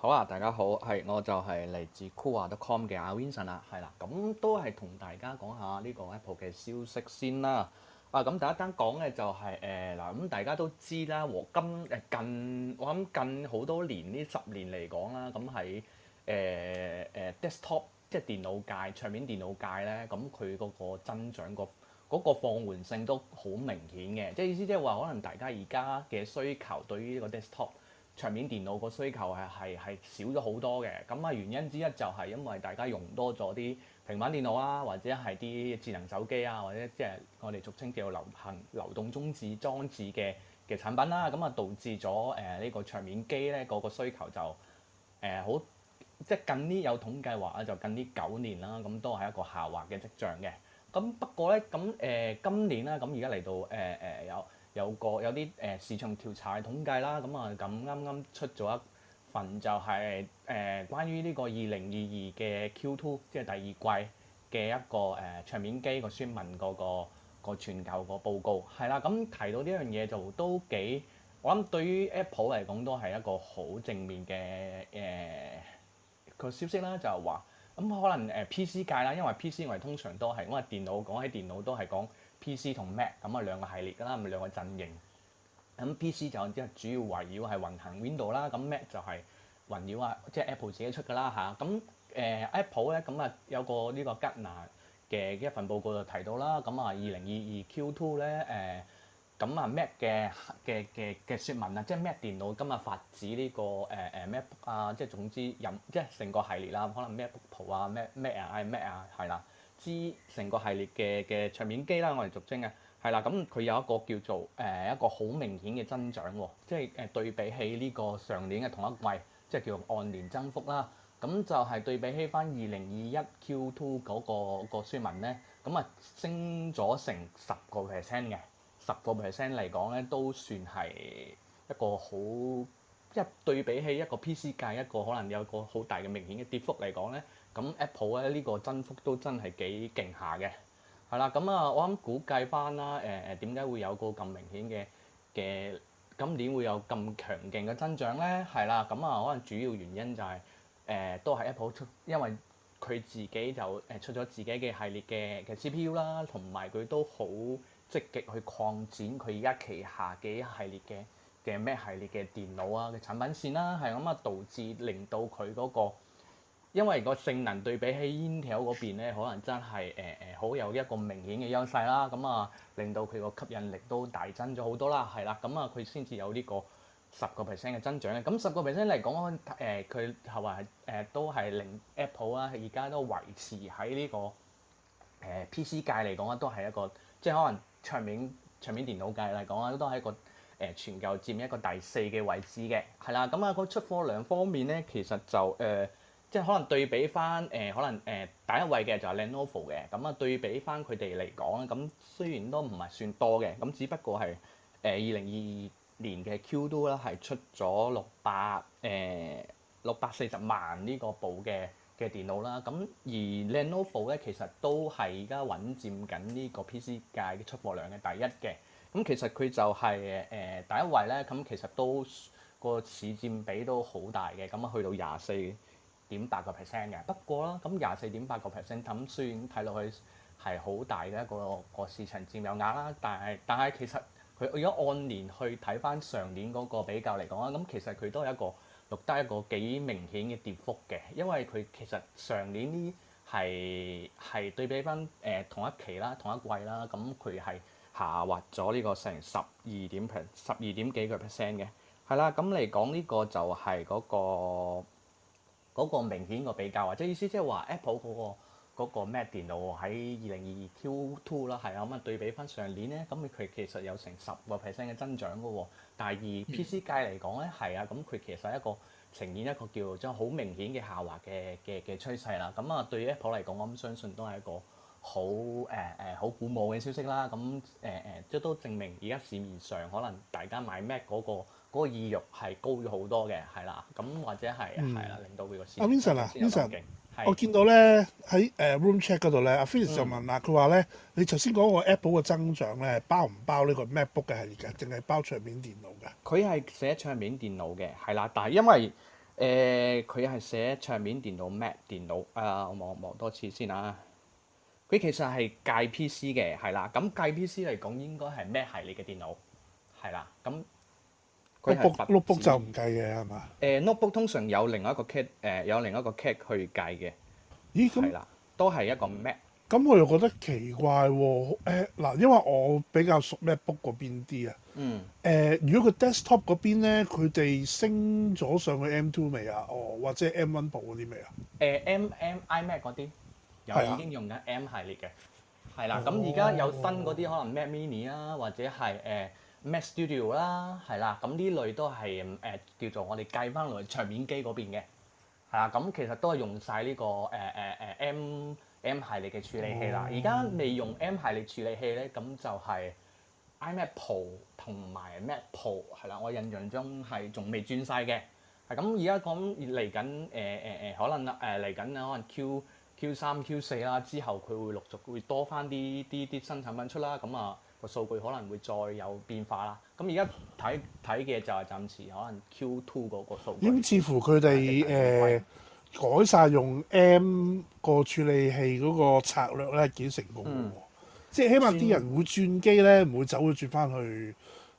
好啊，大家好，係我就係嚟自 cool.com a 嘅阿 Winson 啦，係啦，咁都係同大家講下呢個 Apple 嘅消息先啦。啊，咁第一單講嘅就係誒嗱，咁、呃、大家都知啦，黃金誒近我諗近好多年呢十年嚟講啦，咁喺誒、呃、誒、呃、desktop 即係電腦界、桌面電腦界咧，咁佢嗰個增長個。嗰個放緩性都好明顯嘅，即係意思即係話，可能大家而家嘅需求對於呢個 desktop 桌面電腦個需求係係係少咗好多嘅。咁啊，原因之一就係因為大家用多咗啲平板電腦啊，或者係啲智能手機啊，或者即係我哋俗稱叫流行流動中置裝置嘅嘅產品啦。咁啊，導致咗誒呢個桌面機呢嗰個需求就誒好、呃，即係近呢有統計話啊，就近呢九年啦，咁都係一個下滑嘅跡象嘅。咁不過呢，咁、呃、誒今年呢，咁而家嚟到誒誒、呃呃、有有個有啲誒、呃、市場調查嘅統計啦，咁啊咁啱啱出咗一份就係、是、誒、呃、關於呢個二零二二嘅 Q2，即係第二季嘅一個誒桌面機個 shipment 嗰、那個全球個報告，係啦，咁、嗯、提到呢樣嘢就都幾，我諗對於 Apple 嚟講都係一個好正面嘅誒個消息啦，就係話。咁可能誒 PC 界啦，因為 PC 我哋通常都係講電腦，講起電腦都係講 PC 同 Mac 咁啊兩個系列㗎啦，咪兩個陣營。咁 PC 就即係主要圍繞係運行 Window 啦，咁 Mac 就係圍繞啊，即係 Apple 自己出㗎啦吓，咁誒、呃、Apple 咧咁啊有個呢、這個 Gartner 嘅一份報告就提到啦，咁啊二零二二 Q2 咧誒。呃咁啊，Mac 嘅嘅嘅嘅説明啊？即係 Mac 電腦今日發紙呢、這個誒誒 MacBook 啊，即係總之任即係成個系列啦，可能 MacBook Pro 啊、Mac Air 啊、iMac 啊，係啦，之成個系列嘅嘅桌面機啦，我哋俗稱嘅係啦，咁、嗯、佢有一個叫做誒、呃、一個好明顯嘅增長喎、啊，即係誒對比起呢個上年嘅同一季，即係叫做按年增幅啦，咁、啊嗯、就係、是、對比起翻二零二一 Q two 嗰、那個、那個説明咧，咁、那、啊、個、升咗成十個 percent 嘅。十個 percent 嚟講咧，都算係一個好，即係對比起一個 PC 界一個可能有個好大嘅明顯嘅跌幅嚟講咧，咁 Apple 咧呢個增幅都真係幾勁下嘅。係啦，咁、嗯、啊，我諗估計翻啦，誒、呃、誒，點解會有個咁明顯嘅嘅今年會有咁強勁嘅增長咧？係啦，咁、嗯、啊、嗯，可能主要原因就係、是、誒、呃、都係 Apple 出，因為佢自己就誒出咗自己嘅系列嘅嘅 CPU 啦，同埋佢都好。積極去擴展佢而家旗下嘅一系列嘅嘅咩系列嘅電腦啊嘅產品線啦，係咁啊，導致令到佢嗰個，因為個性能對比起 Intel 嗰邊咧，可能真係誒誒好有一個明顯嘅優勢啦。咁啊，令到佢個吸引力都大增咗好多啦，係啦。咁啊，佢先至有呢個十個 percent 嘅增長嘅。咁十個 percent 嚟講，佢係話誒都係令 Apple 啊，而家都維持喺呢個。PC 界嚟講啊，都係一個，即係可能桌面桌面電腦界嚟講啊，都係一個誒、呃、全球佔一個第四嘅位置嘅，係啦。咁啊，個出貨量方面咧，其實就誒、呃，即係可能對比翻誒、呃，可能誒、呃、第一位嘅就係 Lenovo 嘅。咁啊，對比翻佢哋嚟講啊，咁雖然都唔係算多嘅，咁只不過係誒二零二二年嘅 Q2 啦、呃，係出咗六百誒六百四十萬呢個部嘅。嘅電腦啦，咁而 Lenovo 咧，其實都係而家穩佔緊呢個 PC 界嘅出貨量嘅第一嘅，咁其實佢就係、是、誒、呃、第一位咧，咁其實都個市佔比都好大嘅，咁去到廿四點八個 percent 嘅。不過啦，咁廿四點八個 percent，咁雖然睇落去係好大嘅一個個市場佔有額啦。但係但係其實佢如果按年去睇翻上年嗰個比較嚟講啊，咁其實佢都係一個。錄得一個幾明顯嘅跌幅嘅，因為佢其實上年呢係係對比翻誒同一期啦、同一季啦，咁佢係下滑咗呢個成十二點十二點幾個 percent 嘅，係啦，咁嚟講呢個就係嗰個嗰個明顯嘅比較，或者意思即係話 Apple 嗰個。嗰個 Mac 電腦喺二零二二 Q Two 啦，係啊，咁啊，對比翻上年呢，咁佢其實有成十個 percent 嘅增長噶喎。但係而 PC 界嚟講呢，係啊，咁佢其實一個呈現一個叫即係好明顯嘅下滑嘅嘅嘅趨勢啦。咁啊，對於 Apple 嚟講，我諗相信都係一個好誒誒好鼓舞嘅消息啦。咁誒誒，即、呃、都、呃、證明而家市面上可能大家買 Mac 嗰、那個。嗰個意欲係高咗好多嘅，係啦，咁或者係係啦，嗯、令到佢個先有先有好勁。我見到咧喺誒 room check 嗰度咧，阿 Felix、嗯啊、就問啦，佢話咧你頭先講個 Apple 嘅增長咧，包唔包呢個 MacBook 嘅系列，淨係包桌面電腦嘅？佢係寫桌面電腦嘅，係啦，但係因為誒佢係寫桌面電腦 Mac 電腦，啊，我望望多次先啊。佢其實係計 PC 嘅，係啦，咁計 PC 嚟講應該係咩系列嘅電腦？係啦，咁。notebook 就唔計嘅係嘛？誒 notebook 通常有另外一個 kit 誒、呃，有另外一個 kit 去計嘅。咦咁都係一個 Mac。咁我又覺得奇怪喎。嗱，因為我比較熟 MacBook 嗰邊啲啊。嗯。誒，如果個 desktop 嗰邊咧，佢哋升咗上去 M2 未啊？哦，或者 M1 部嗰啲未啊？誒、呃、M M iMac 嗰啲有已經用緊 M 系列嘅。係啦、啊。咁而家有新嗰啲可能 Mac Mini 啊，或者係誒。呃 Mac Studio 啦，係啦，咁呢類都係誒、呃、叫做我哋計翻落去桌面機嗰邊嘅，係啦，咁其實都係用晒呢、呢個誒誒誒 M M 系列嘅處理器啦。而家未用 M 系列處理器咧，咁就係 iMac Pro 同埋 Mac Pro 係啦。我印象中係仲未轉晒嘅，係咁而家講嚟緊誒誒誒，可能誒嚟緊可能 Q Q 三 Q 四啦之後，佢會陸續會多翻啲啲啲新產品出啦，咁啊～個數據可能會再有變化啦。咁而家睇睇嘅就係暫時可能 Q2 嗰個數據。咁似乎佢哋誒改晒用 M 個處理器嗰個策略咧，幾成功喎。嗯、即係起碼啲人會轉機咧，唔會走會轉翻去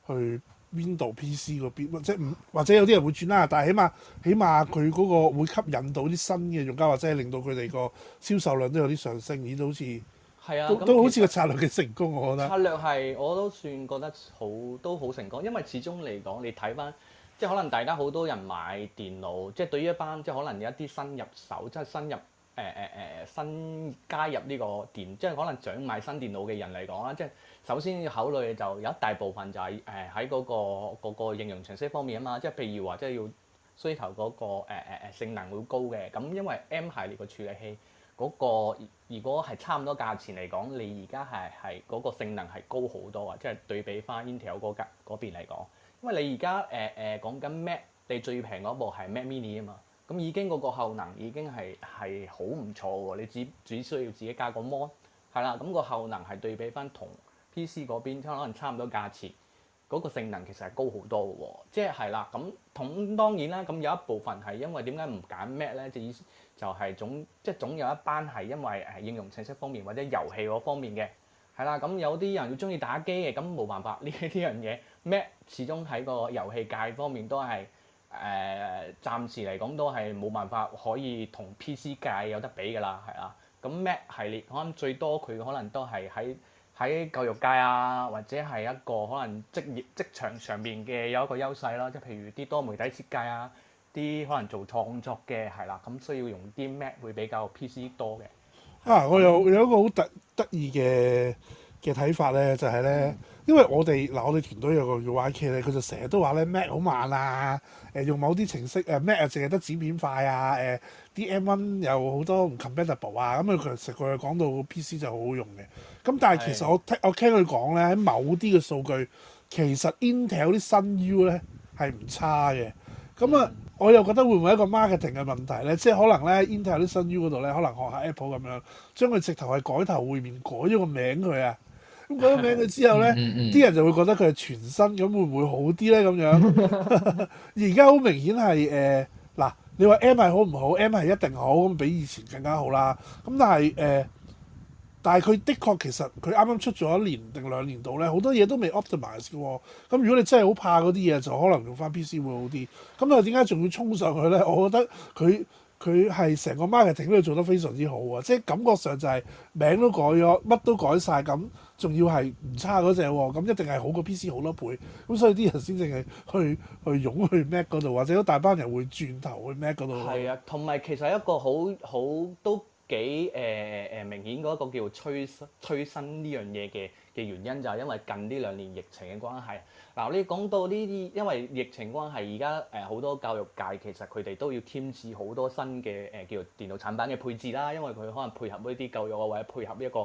去 Windows PC 嗰邊即，或者唔或者有啲人會轉啦。但係起碼起碼佢嗰個會吸引到啲新嘅用家，或者令到佢哋個銷售量都有啲上升，而都好似。係啊，都好似個策略嘅成功，我覺得。策略係我都算覺得好，都好成功，因為始終嚟講，你睇翻，即係可能大家好多人買電腦，即係對於一班即係可能有一啲新入手，即係新入誒誒誒新加入呢個電，即係可能想買新電腦嘅人嚟講啦，即係首先要考慮就有一大部分就係誒喺嗰個嗰個應用程式方面啊嘛，即係譬如話即係要需求嗰個誒誒誒性能會高嘅，咁因為 M 系列個處理器。嗰個如果係差唔多價錢嚟講，你而家係係嗰個性能係高好多啊！即係對比翻 Intel 嗰嗰邊嚟講，因為你而家誒誒講緊 Mac，你最平嗰部係 Mac Mini 啊嘛，咁已經嗰個效能已經係係好唔錯喎，你只只需要自己加個 Mon，係啦，咁個效能係對比翻同 PC 嗰邊，可能差唔多價錢。嗰個性能其實係高好多嘅喎，即係係啦，咁同當然啦，咁有一部分係因為點解唔揀 Mac 咧？就意、是、就係總即係總有一班係因為誒應用程式方面或者遊戲嗰方面嘅，係啦，咁有啲人要鍾意打機嘅，咁冇辦法呢一啲樣嘢，Mac 始終喺個遊戲界方面都係誒、呃、暫時嚟講都係冇辦法可以同 PC 界有得比㗎啦，係啊，咁 Mac 系列我諗最多佢可能都係喺。喺教育界啊，或者係一個可能職業職場上邊嘅有一個優勢啦、啊，即係譬如啲多媒體設計啊，啲可能做創作嘅係啦，咁需要用啲 Mac 會比較 PC 多嘅。啊，我有有一個好特得意嘅嘅睇法咧，就係、是、咧，因為我哋嗱我哋團隊有個叫 YK 咧，佢就成日都話咧 Mac 好慢啊，誒、呃、用某啲程式誒、呃、Mac 誒淨係得剪片快啊，誒、呃。啲 M1 有好多唔 compatible 啊，咁、嗯、佢其實佢講到 PC 就好好用嘅，咁、嗯、但係其實我聽是我聽佢講咧，喺某啲嘅數據，其實 Intel 啲新 U 咧係唔差嘅，咁啊我又覺得會唔會一個 marketing 嘅問題咧？即係可能咧 Intel 啲新 U 嗰度咧，可能學下 Apple 咁樣，將佢直頭係改頭換面，改咗個名佢啊，咁改咗名佢之後咧，啲、嗯嗯嗯、人就會覺得佢係全新，咁會唔會好啲咧？咁樣而家好明顯係誒嗱。呃你話 M 係好唔好？M 係一定好，咁比以前更加好啦。咁但係誒、呃，但係佢的確其實佢啱啱出咗一年定兩年度咧，好多嘢都未 optimize 嘅喎、哦。咁如果你真係好怕嗰啲嘢，就可能用翻 PC 會好啲。咁又點解仲要衝上去咧？我覺得佢。佢係成個 marketing 都做得非常之好喎、啊，即係感覺上就係名都改咗，乜都改晒。咁，仲要係唔差嗰隻喎，咁一定係好過 PC 好多倍，咁所以啲人先至係去去湧去 Mac 嗰度，或者大班人會轉頭去 Mac 嗰度。係啊，同埋其實一個好好都幾誒誒、呃呃、明顯嗰個叫催生催生呢樣嘢嘅。嘅原因就係因為近呢兩年疫情嘅關係，嗱你講到呢啲，因為疫情關係，而家誒好多教育界其實佢哋都要添置好多新嘅誒叫做電腦產品嘅配置啦，因為佢可能配合呢啲教育啊，或者配合一個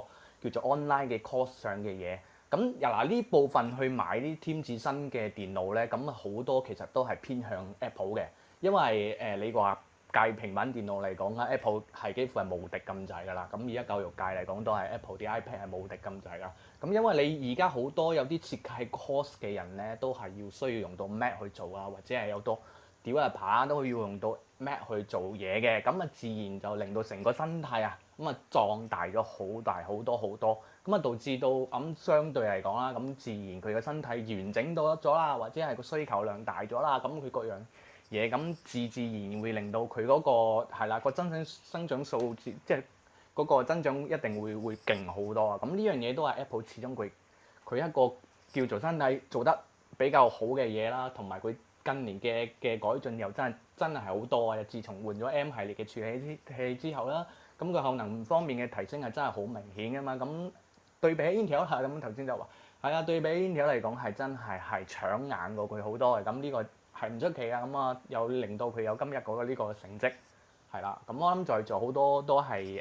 叫做 online 嘅 course 上嘅嘢。咁又嗱呢部分去買啲添置新嘅電腦呢，咁好多其實都係偏向 Apple 嘅，因為誒你話，計平板電腦嚟講啦，Apple 係幾乎係無敵咁滯㗎啦。咁而家教育界嚟講都係 Apple 啲 iPad 係無敵咁滯㗎。咁因為你而家好多有啲設計 course 嘅人呢，都係要需要用到 Mac 去做啊，或者係有多 developer 都要用到 Mac 去做嘢嘅。咁啊，自然就令到成個生態啊，咁啊壯大咗好大好多好多。咁啊，導致到咁相對嚟講啦，咁自然佢嘅身體完整到咗啦，或者係個需求量大咗啦，咁佢個樣嘢，咁自自然然會令到佢嗰、嗰個係啦，個增長，增長數字，即係嗰個增長一定會會勁好多啊！咁呢樣嘢都係 Apple 始終佢佢一個叫做身體做得比較好嘅嘢啦，同埋佢近年嘅嘅改進又真係真係好多啊！自從換咗 M 系列嘅處理器之，之後啦，咁佢效能方面嘅提升係真係好明顯噶嘛！咁對比 Intel 嚇咁頭先就話係啊，對比 Intel 嚟講係真係係搶眼過佢好多嘅，咁呢個。係唔出奇啊！咁啊，又令到佢有今日嗰個呢個成績，係啦。咁我諗在座好多都係誒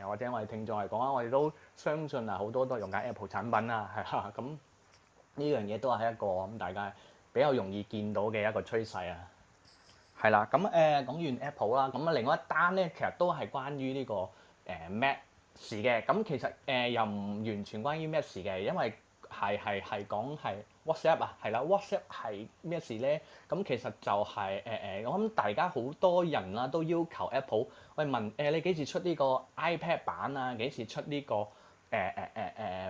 誒，或者我哋聽眾嚟講啦，我哋都相信啊，好多都用緊 Apple 產品啦，係啊。咁呢樣嘢都係一個咁大家比較容易見到嘅一個趨勢啊。係啦，咁、呃、誒講完 Apple 啦，咁啊另外一單咧，其實都係關於呢、呢個誒 Mac 嘅。咁、呃、其實誒、呃、又唔完全關於 Mac 嘅，因為係係係講係。WhatsApp 啊，係啦，WhatsApp 係咩事呢？咁其實就係誒誒，我諗大家好多人啦都要求 Apple，喂問誒、呃、你幾時出呢個 iPad 版啊？幾時出呢個誒誒誒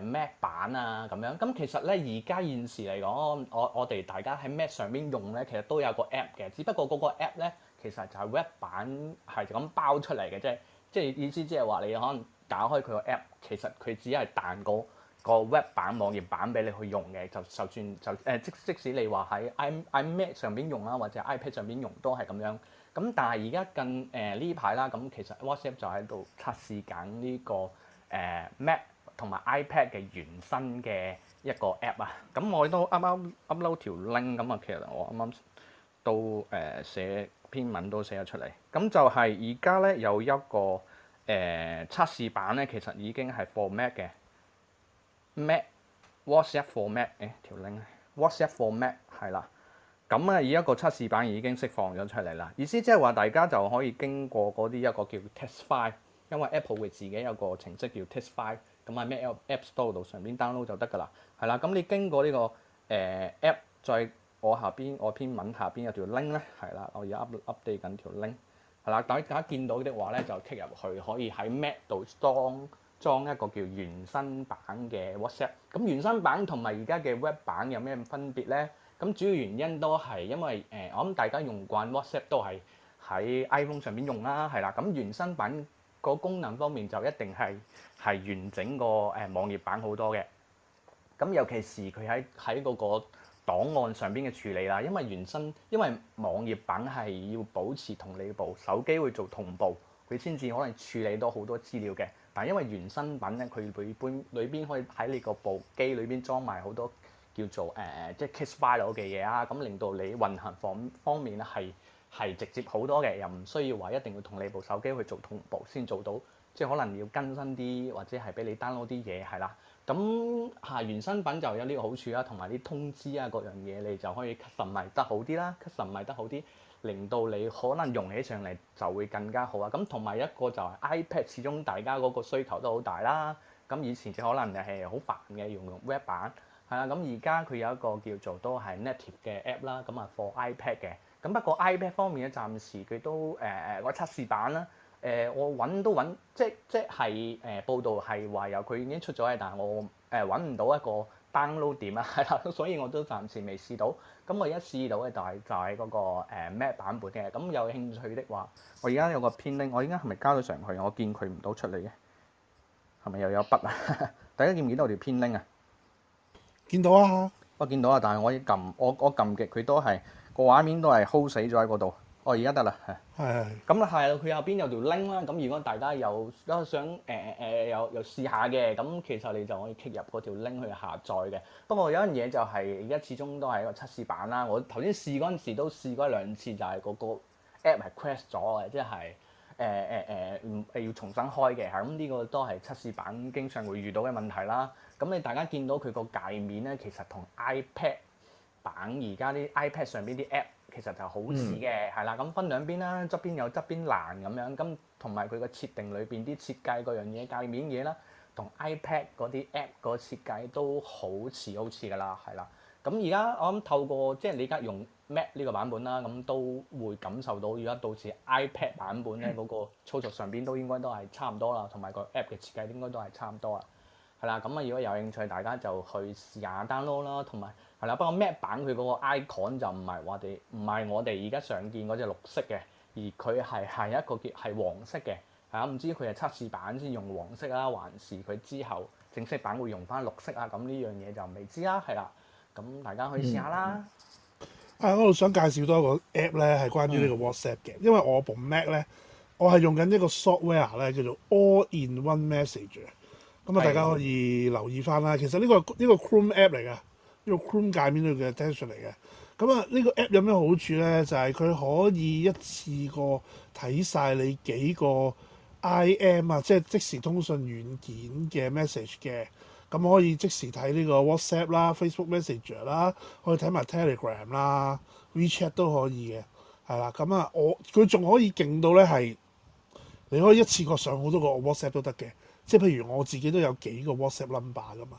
誒 Mac 版啊？咁樣咁其實呢，而家現時嚟講，我我哋大家喺 Mac 上面用呢，其實都有個 app 嘅，只不過嗰個 app 呢，其實就係 Web 版係咁包出嚟嘅啫。即係意思即係話你可能打開佢個 app，其實佢只係蛋糕。個 web 版、網頁版俾你去用嘅，就就算就誒，即即使你話喺 i, iMac 上邊用啦，或者 iPad 上邊用都係咁樣。咁但係而家近誒呢排啦，咁、呃、其實 WhatsApp 就喺度測試緊、這、呢個誒、呃、Mac 同埋 iPad 嘅原生嘅一個 app 啊。咁我都啱啱 upload 條 link 咁啊，其實我啱啱都誒寫篇、呃、文都寫咗出嚟。咁就係而家咧有一個誒、呃、測試版咧，其實已經係 for Mac 嘅。Mac WhatsApp for Mac，誒、哎、條 link WhatsApp for Mac 係啦，咁啊而一個測試版已經釋放咗出嚟啦。意思即係話大家就可以經過嗰啲一個叫 test file，因為 Apple 會自己有一個程式叫 test file，咁啊喺 a p App Store 度上邊 download 就得噶啦，係啦。咁你經過呢、這個誒、呃、app，再我下邊我篇文下邊有條 link 咧，係啦，我而家 up, update 緊條 link，係啦，等大家見到的話咧就 click 入去，可以喺 Mac 度裝。裝一個叫原生版嘅 WhatsApp，咁原生版同埋而家嘅 Web 版有咩分別呢？咁主要原因都係因為誒，我諗大家用慣 WhatsApp 都係喺 iPhone 上面用啦，係啦。咁原生版個功能方面就一定係係完整個誒網頁版好多嘅。咁尤其是佢喺喺嗰個檔案上邊嘅處理啦，因為原生因為網頁版係要保持同你部手機會做同步，佢先至可能處理到好多資料嘅。但因為原生品咧，佢會搬裏邊可以喺你個部機裏邊裝埋好多叫做誒、呃、即係 case file 嘅嘢啦。咁令到你運行方方面咧，係係直接好多嘅，又唔需要話一定要同你部手機去做同步先做到，即係可能要更新啲或者係俾你 download 啲嘢係啦。咁嚇、嗯、原生品就有呢個好處啦，同埋啲通知啊各樣嘢你就可以 catch 埋得好啲啦，catch 埋得好啲。令到你可能用起上嚟就會更加好啊！咁同埋一個就係 iPad 始終大家嗰個需求都好大啦。咁以前就可能就係好煩嘅用用 web 版，係啊。咁而家佢有一個叫做都係 native 嘅 app 啦。咁啊 for iPad 嘅。咁不過 iPad 方面咧，暫時佢都誒誒個測試版啦。誒我揾都揾，即即係誒報道係話有佢已經出咗嘅，但係我誒揾唔到一個。download 點啊，係啦，所以我都暫時未試到。咁我一試到嘅就係就係嗰個誒 Mac 版本嘅。咁有興趣的話，我而家有個編拎，我而家係咪交咗上去啊？我見佢唔到出嚟嘅，係咪又有筆啊？大家見唔見到我條編拎啊？見到啊，我見到啊，但係我撳我我撳極佢都係個畫面都係 hold 死咗喺嗰度。哦，而家得啦，係。咁啊係啊，佢後邊有條 link 啦。咁如果大家有想誒誒誒，又又試下嘅，咁其實你就可以 click 入嗰條 link 去下載嘅。不過有樣嘢就係，而家始終都係一個測試版啦。我頭先試嗰陣時都試過一兩次，就係嗰個 app 係 crash 咗嘅，即係誒誒誒，唔要重新開嘅。咁呢個都係測試版經常會遇到嘅問題啦。咁你大家見到佢個界面咧，其實同 iPad 版而家啲 iPad 上邊啲 app。其實就好似嘅，係啦、嗯，咁分兩邊啦，側邊有側邊欄咁樣，咁同埋佢個設定裏邊啲設計嗰樣嘢、界面嘢啦，同 iPad 嗰啲 app 個設計都好似好似㗎啦，係啦，咁而家我諗透過即係你而家用 Mac 呢個版本啦，咁都會感受到而家到似 iPad 版本咧嗰個操作上邊都應該都係差唔多啦，同埋個 app 嘅設計應該都係差唔多啦，係啦，咁啊，如果有興趣，大家就去試下 download 啦，同埋。係啦，不過 Mac 版佢嗰個 icon 就唔係我哋唔係我哋而家常見嗰隻綠色嘅，而佢係係一個叫係黃色嘅嚇。啊、唔知佢係測試版先用黃色啦，還是佢之後正式版會用翻綠色啊？咁呢樣嘢就未知啦。係啦，咁大家可以試下啦、嗯。啊，我度想介紹多一個 app 咧，係關於呢個 WhatsApp 嘅，嗯、因為我部 Mac 咧，我係用緊一個 software 咧叫做 All In One Messenger 咁啊，大家可以留意翻啦。嗯、其實呢個呢、呢個 Chrome app 嚟㗎。呢個 Chrome 界面都叫 attention 嚟嘅。咁啊，呢個 app 有咩好處咧？就係佢可以一次過睇晒你幾個 IM 啊，即係即時通訊軟件嘅 message 嘅。咁可以即時睇呢個 WhatsApp 啦、Facebook Messenger 啦，可以睇埋 Telegram 啦、WeChat 都可以嘅。係啦，咁啊，我佢仲可以勁到咧係，你可以一次過上好多個 WhatsApp 都得嘅。即係譬如我自己都有幾個 WhatsApp number 噶嘛。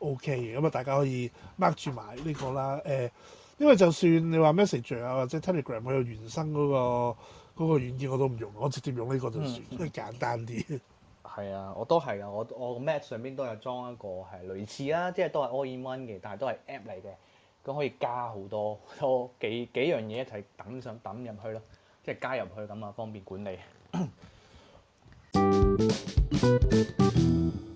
OK，咁啊大家可以 mark 住埋呢個啦。誒、呃，因為就算你話 Message 啊或者 Telegram，佢原生嗰個、嗰個軟件我都唔用，我直接用呢個就算，嗯、簡單啲。係啊，我都係啊，我我 Mac 上邊都有裝一個係類似啦，即係都係 All In One 嘅，但係都係 App 嚟嘅。咁可以加好多多幾幾樣嘢一齊抌上抌入去咯，即係加入去咁啊，方便管理。